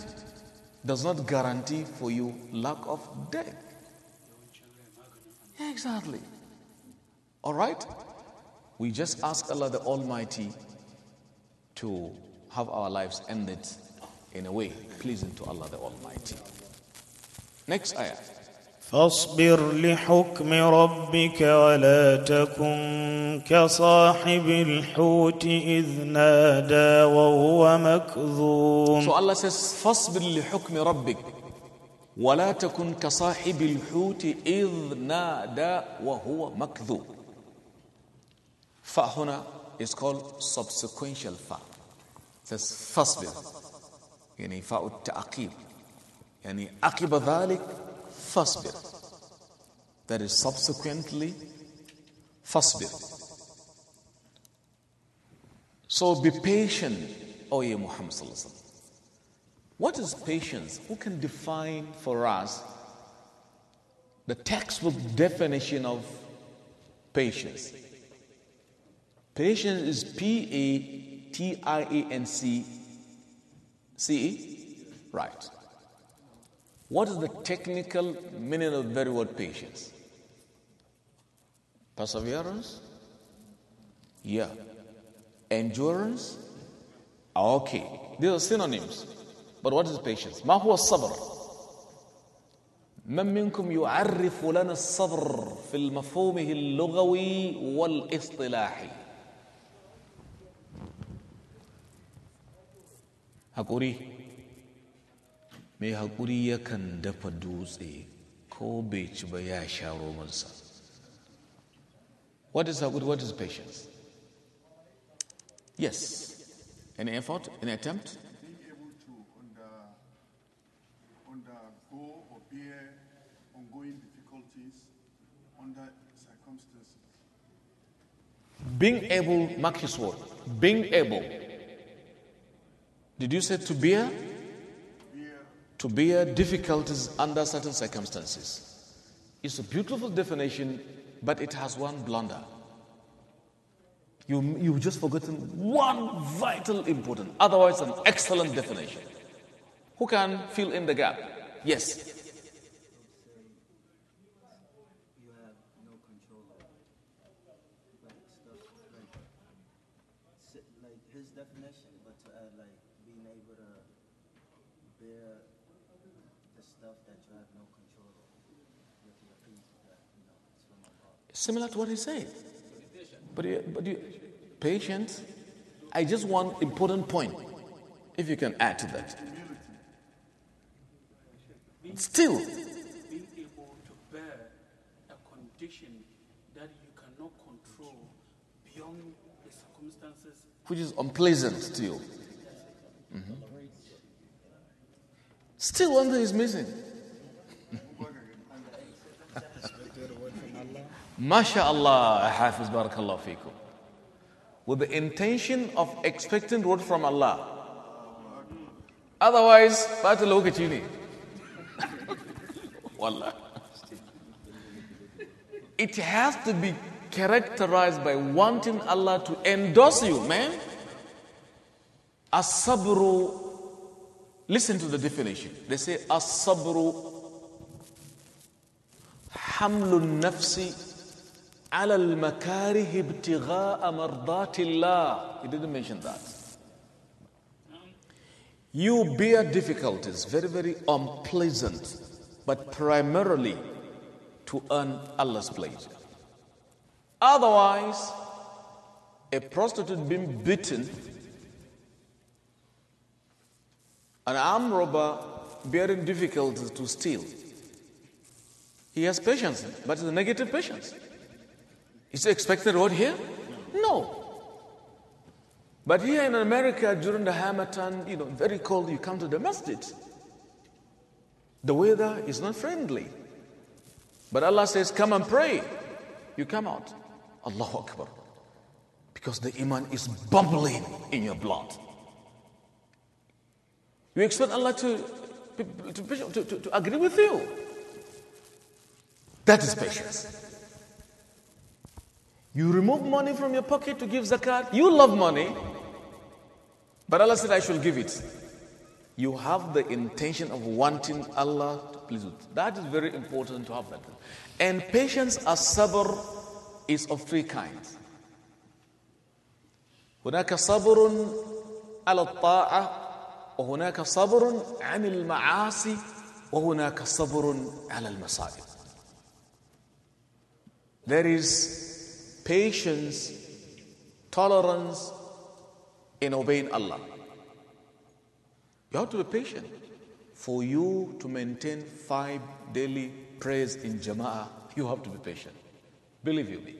does not guarantee for you lack of death. Yeah, exactly. All right? We just ask Allah the Almighty to have our lives ended in a way pleasing to Allah the Almighty. Next ayah. فاصبر لحكم ربك ولا تكن كصاحب الحوت إذ نادى وهو مكظوم So Allah says فاصبر لحكم ربك ولا تكن كصاحب الحوت إذ نادى وهو مكذوب Fa huna is called subsequential fa. That's fasbir. يعني فاء التعقيب يعني عقب ذلك فاصبر that is subsequently fasbir. so be patient O ye Muhammad صلى what is patience who can define for us the textbook definition of patience Patience is P A T I A N C C E? Right. What is the technical meaning of the very word patience? Perseverance? Yeah. Endurance? Ah, okay. These are synonyms. But what is patience? ما هو الصبر؟ من منكم يعرف لنا الصبر في المفهوم اللغوي والاصطلاحي haƙuri mai haƙuri yakan dafa dutse ko bai ci ba ya sha romansa what is haƙuri what is patience yes an effort an attempt being able, mark his word, being able did you say to bear? To bear difficulties under certain circumstances. It's a beautiful definition, but it has one blunder. You, you've just forgotten one vital important, otherwise, an excellent definition. Who can fill in the gap? Yes. Similar to what he said. But, you, but you, patience. I just want important point, if you can add to that. Still, being able to bear a condition that you cannot control beyond the circumstances, which is unpleasant to you. Mm-hmm. Still, one thing is missing. ما شاء الله حافظ بارك الله فيكم with the intention of expecting word from Allah otherwise ba ta wallah it has to be characterized by wanting Allah to endorse you man as-sabru listen to the definition they say as-sabru hamlun nafsi على المكاره ابتغاء مرضات الله. He didn't mention that. You bear difficulties, very, very unpleasant, but primarily to earn Allah's pleasure. Otherwise, a prostitute being beaten, an armed robber bearing difficulties to steal, he has patience, but it's a negative patience. Is the expected road here? No. But here in America, during the Hamatan, you know, very cold, you come to the masjid. The weather is not friendly. But Allah says, come and pray. You come out. Allahu Akbar. Because the iman is bubbling in your blood. You expect Allah to, to, to, to, to agree with you. That is patience. You remove money from your pocket to give zakat. You love money. But Allah said, I shall give it. You have the intention of wanting Allah to please you. That is very important to have that. And patience as sabr is of three kinds. هناك صبر على الطاعة وهناك صبر عن المعاصي وهناك صبر على المصائب. There is patience, tolerance in obeying Allah. You have to be patient for you to maintain five daily prayers in Jama'ah. You have to be patient. Believe you me.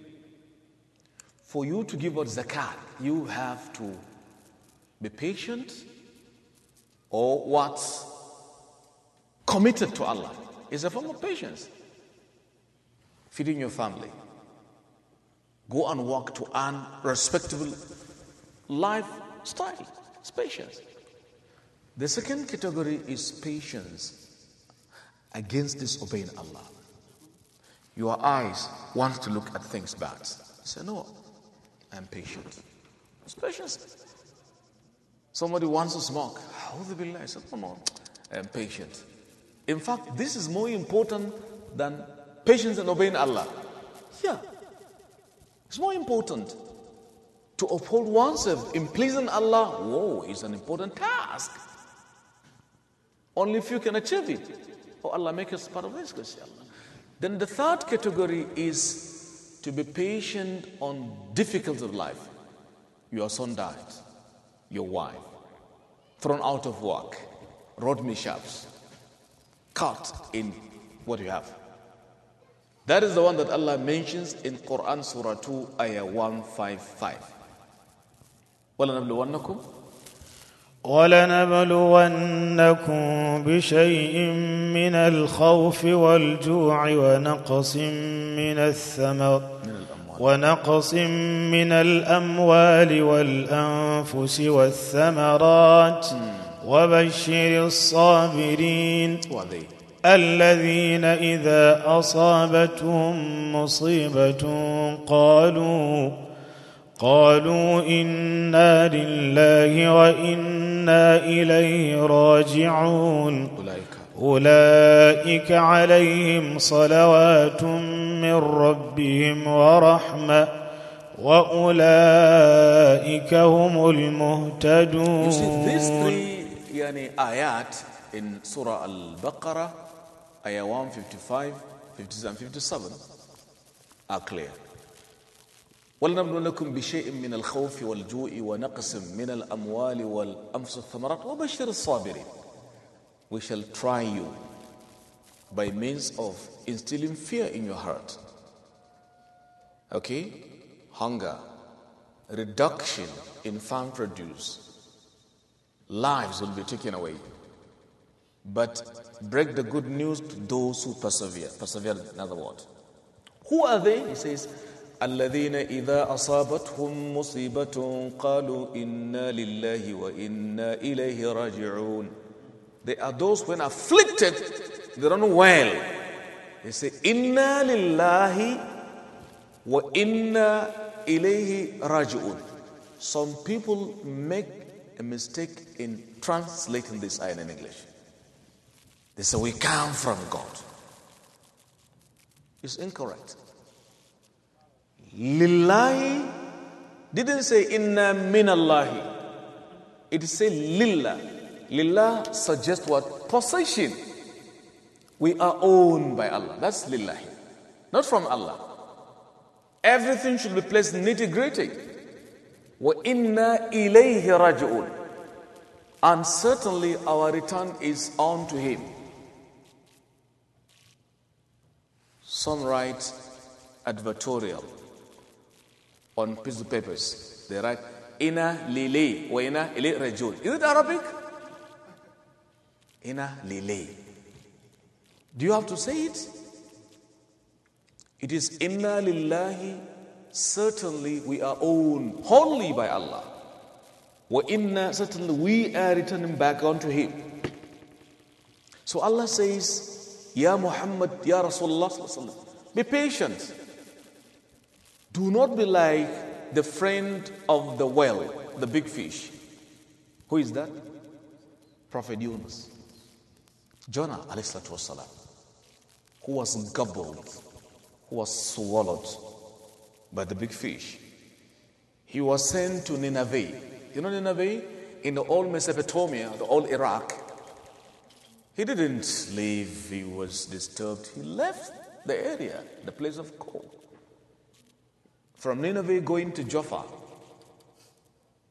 For you to give out zakat, you have to be patient or what's committed to Allah is a form of patience. Feeding your family, go and work to earn respectable lifestyle. It's patience. The second category is patience against disobeying Allah. Your eyes want to look at things bad. You say, No, I'm patient. It's patience. Somebody wants to smoke. How I said, No, on. I'm patient. In fact, this is more important than patience and obeying Allah. Yeah. It's more important to uphold oneself in pleasing Allah. Whoa, it's an important task. Only few can achieve it. Oh Allah, make us part of this, inshallah. Then the third category is to be patient on difficulties of life. Your son died, your wife, thrown out of work, road mishaps, caught in what you have. That is the one that Allah mentions in Quran Surah 2, Ayah 155. وَلَنَبْلُوَنَّكُمْ ولنبلونكم بشيء من الخوف والجوع ونقص من الثمر ونقص من الأموال والأنفس والثمرات وبشر الصابرين الذين اذا اصابتهم مصيبه قالوا قالوا انا لله وانا اليه راجعون اولئك اولئك عليهم صلوات من ربهم ورحمه واولئك هم المهتدون You see, these three يعني آيات in Surah Al-Baqarah Ayah 155, 56, and 57 are clear. بشيء من الخوف من الأموال والأنفس وبشر الصابرين We shall try you by means of instilling fear in your heart. Okay? Hunger, reduction in farm produce, lives will be taken away. But break the good news to those who persevere. Persevere, another word. Who are they? He says, الذين إذا أصابتهم مصيبة قالوا إنا لله وإنا إليه راجعون. They are those when afflicted, they don't know well. They say, إنا لله وإنا إليه راجعون. Some people make a mistake in translating this ayah in English. They say, We come from God. It's incorrect. Lillahi didn't say inna minallahi. It say lillah. Lillah suggests what? Possession. We are owned by Allah. That's lillahi. Not from Allah. Everything should be placed nitty gritty. Wa inna ilayhi raji'un. And certainly our return is on to Him. write advertorial on piece of papers. They write, Ina lili wa ina ili rajul. Is it Arabic? Ina lili. Do you have to say it? It is Inna lillahi. Certainly we are owned wholly by Allah. Wa inna certainly we are returning back unto Him. So Allah says, Ya Muhammad, Ya Rasulullah. Be patient. Do not be like the friend of the whale, the big fish. Who is that? Prophet Yunus. Jonah, والسلام, who was gobbled, who was swallowed by the big fish. He was sent to Nineveh. You know Nineveh? In the old Mesopotamia, the old Iraq, he didn't leave, he was disturbed. He left the area, the place of call. From Nineveh going to Jaffa,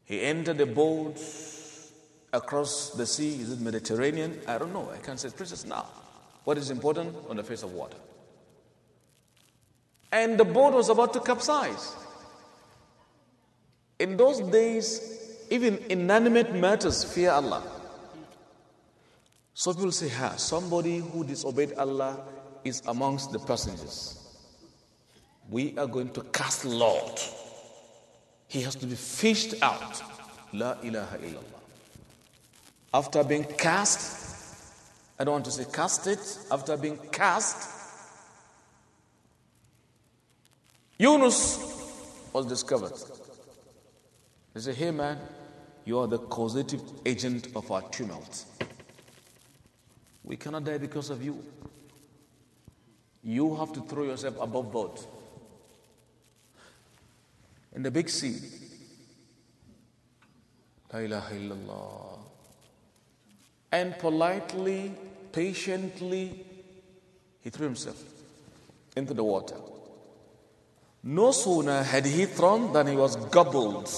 he entered a boat across the sea. Is it Mediterranean? I don't know. I can't say precious now. What is important? On the face of water. And the boat was about to capsize. In those days, even inanimate matters fear Allah. Some people say, ha, somebody who disobeyed Allah is amongst the passengers. We are going to cast Lord. He has to be fished out. La ilaha illallah. After being cast, I don't want to say casted, after being cast, Yunus was discovered. They say, hey man, you are the causative agent of our tumult. We cannot die because of you. You have to throw yourself above board. In the big sea, La ilaha illallah. And politely, patiently, he threw himself into the water. No sooner had he thrown than he was gobbled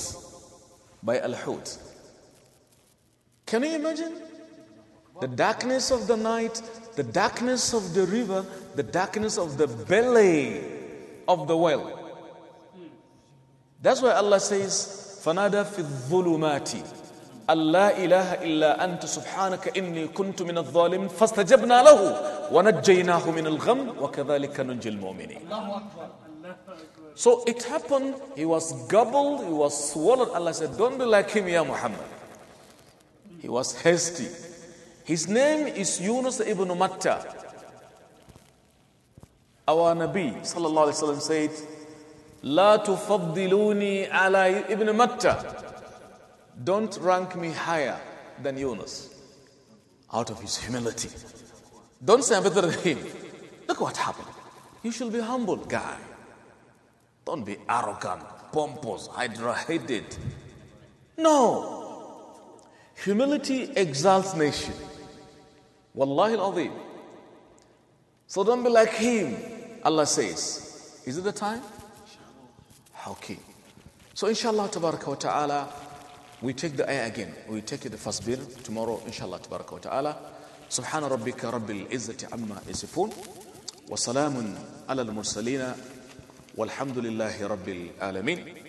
by Al Hut. Can you imagine? The darkness of the night, the darkness of the river, the darkness of the belly of the well. That's why Allah says, فَنَادَى فِي الظُّلُمَاتِ Allah ilaha illa anta subhanaka inni kuntu min al-zalimin fastajabna lahu wa najjaynahu min al-gham wa kadhalika nunjil So it happened, he was gobbled, he was swallowed. Allah said, don't be like him, ya Muhammad. He was hasty. His name is Yunus ibn Matta. Our Nabi sallallahu alaihi wasallam said, "La tufaddiluni ala ibn Matta." Don't rank me higher than Yunus. Out of his humility. Don't say I'm better than him. Look what happened. You should be humble guy. Don't be arrogant, pompous, hydra-headed. No. Humility exalts nation. Wallahi al So don't be like him, Allah says. Is it the time? Okay. So inshallah tabaraka wa ta'ala, we take the ayah again. We take it the first bill tomorrow, inshallah tabaraka wa ta'ala. سبحان ربك رب العزة عما يصفون وسلام على المرسلين والحمد لله رب العالمين